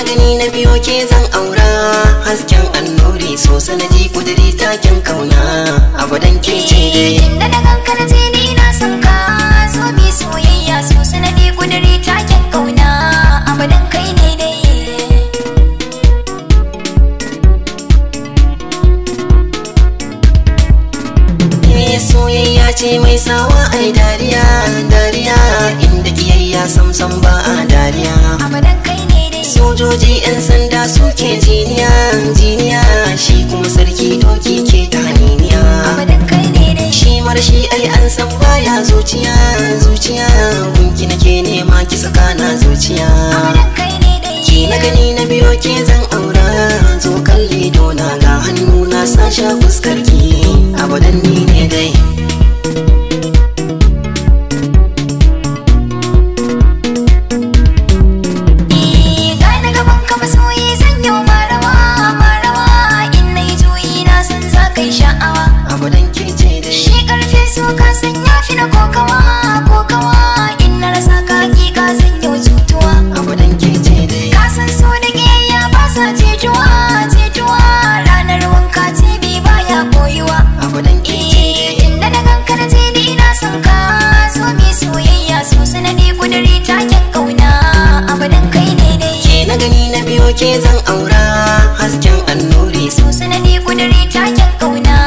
na gani na biyo ke zan aura hasken annuri so sanadi kudiri taken kauna abadan ke ce eh, dai da na kankana ce ni na san ka so bi soyayya so sanadi kudiri taken kauna abadan kai ne dai eh, soyayya ce mai sawa ai dariya dariya inda kiyayya sam sam ba a dariya abadan sojoji 'yan sanda suke jiniya jiniya shi kuma sarki doki ke ta haniniya shi marshi ai an san baya zuciya zuciya gunki nake nema ki na zuciya ki na gani na biyo ke zan aura zo kalle dona ga hannu na sasha fuskar ki abadan ni ne dai ke zan aura hasken annuri so sanadi kudiri taken kauna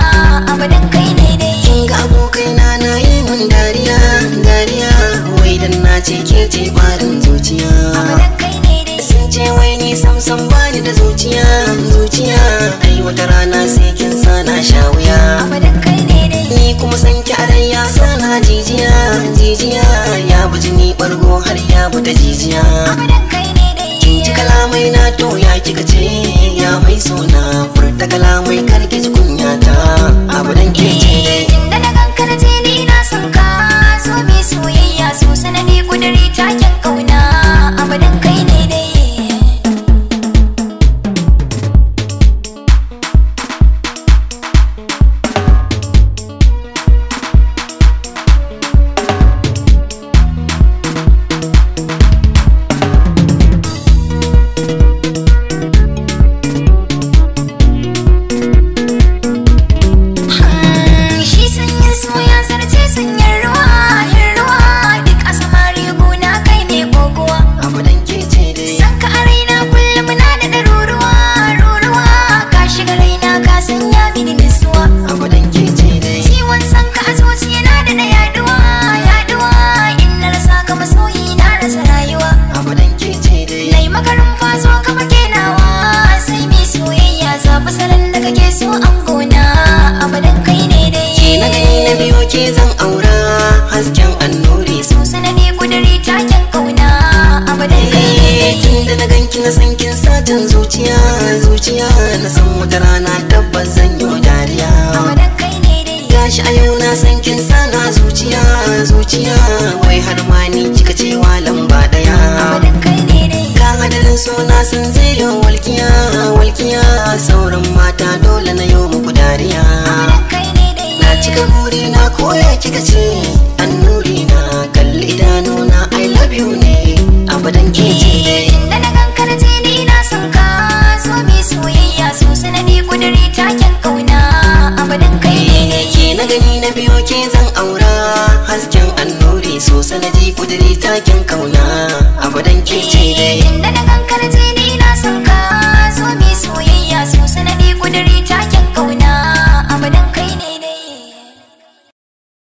abadan kai daidai kin ga abokai na na yi mun dariya dariya wai dan na ce ke ce farin zuciya abadan kai daidai sun ce wai ni sam sam bani da zuciya zuciya ai wata rana sai kin sana sha abadan kai daidai ni kuma san ki arayya sana jijiya jijiya ya bujini bargo har ya buta jijiya abadan kalamai na to ya kika ce s u c k na san wata rana tabbas zan yi dariya gashi a yau na san kin sana zuciya zuciya wai har ma ni kika cewa lamba daya ka hadarin so na san zai yi walkiya walkiya sauran mata dole na yau da na biyo ke zan aura hasken annuri so sanadi kudiri takin